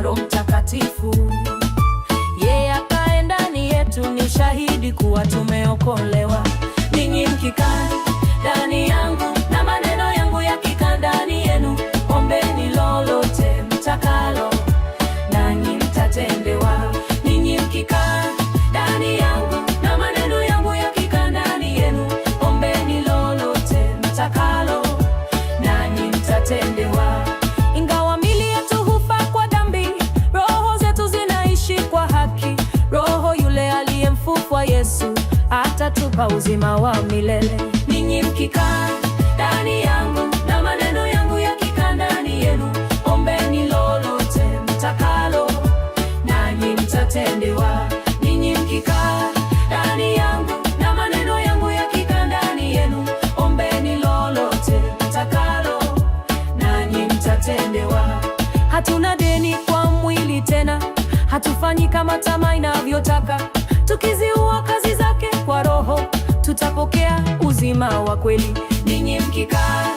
na Roho Mtakatifu. Yeye akae ndani yetu, ni shahidi kuwa tumeokolewa. atawapa uzima wa milele. Ninyi mkikaa ndani yangu na maneno yangu yakikaa ndani yenu, ombeni lolote mtakalo, nanyi mtatendewa. Ninyi mkikaa ndani yangu na maneno yangu yakikaa ndani yenu, ombeni lolote mtakalo, nanyi mtatendewa. Hatuna deni kwa mwili tena, hatufanyi kama tamaa inavyotaka, tukiziua kazi zake mtapokea uzima wa kweli ninyi mkikaa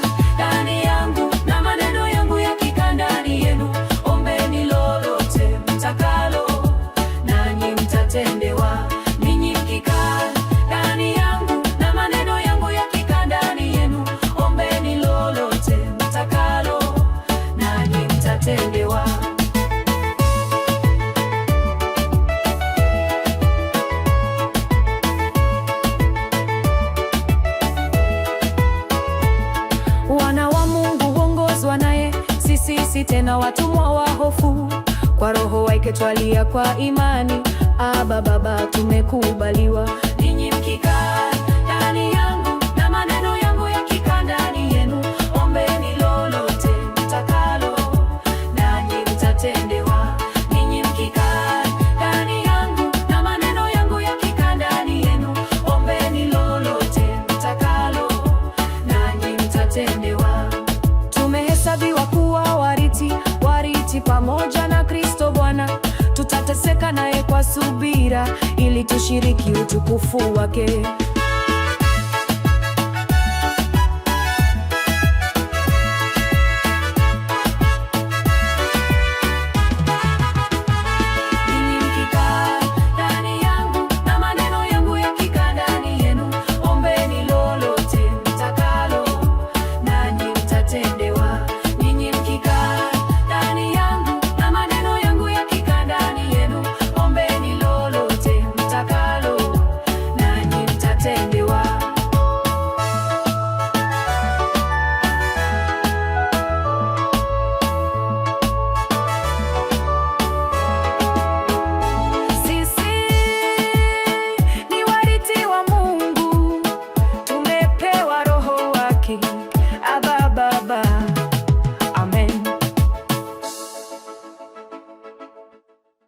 tena watumwa wa hofu, kwa roho waiketwalia kwa imani. Aba Baba, tumekubaliwa. subira ili tushiriki utukufu wake.